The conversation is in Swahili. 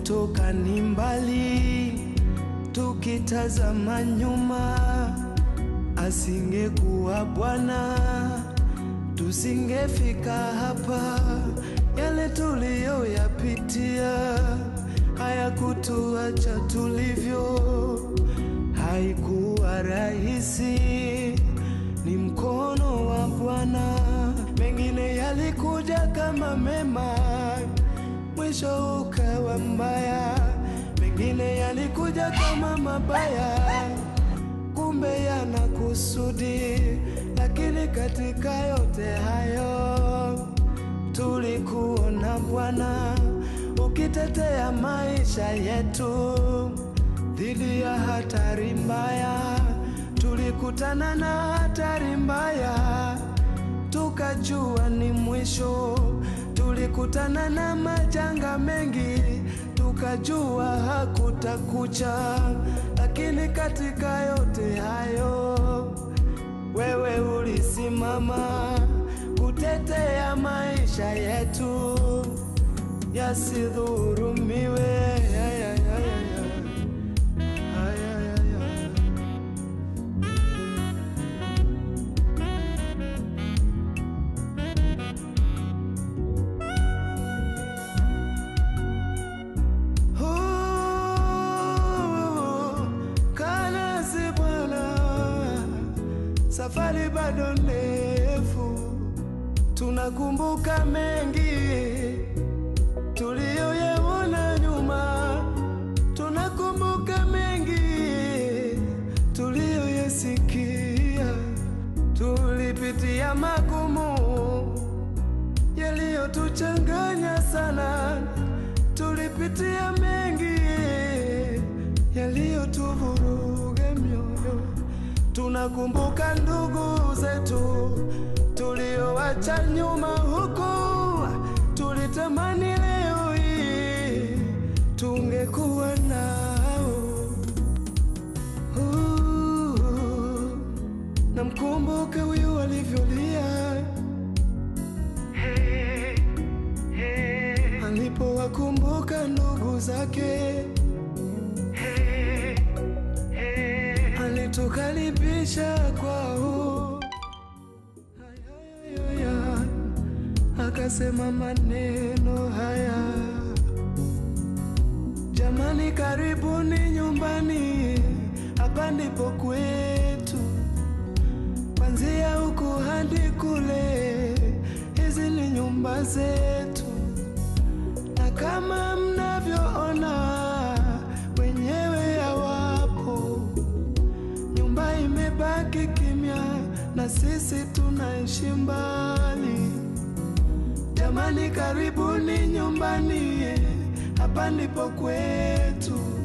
kutoka ni mbali, tukitazama nyuma, asingekuwa Bwana tusingefika hapa. Yale tuliyoyapitia hayakutuacha tulivyo. Haikuwa rahisi, ni mkono wa Bwana. Mengine yalikuja kama mema mwisho ukawa mbaya, mengine yalikuja kama mabaya, kumbe yana kusudi. Lakini katika yote hayo tulikuona Bwana ukitetea maisha yetu dhidi ya hatari mbaya. Tulikutana na hatari mbaya, tukajua ni mwisho tulikutana na majanga mengi, tukajua hakutakucha, lakini katika yote hayo wewe ulisimama kutetea maisha yetu yasidhurumiwe. safari bado ndefu, tunakumbuka mengi tuliyoyaona nyuma, tunakumbuka mengi tuliyoyasikia, tulipitia magumu yaliyotuchanganya sana tunakumbuka ndugu zetu tuliowacha nyuma, huku tulitamani leo hii tungekuwa nao. Uh, namkumbuka huyu alivyolia alipowakumbuka ndugu zake. tukalipisha kanipisha kwao, hayayoya, akasema maneno haya, jamani, karibuni nyumbani, hapa ndipo kwetu, kwanzia huku hadi kule, hizi ni nyumba zetu, na kama mnavyoona sisi tunaishi mbali. Jamani, karibuni nyumbani, hapa ndipo kwetu.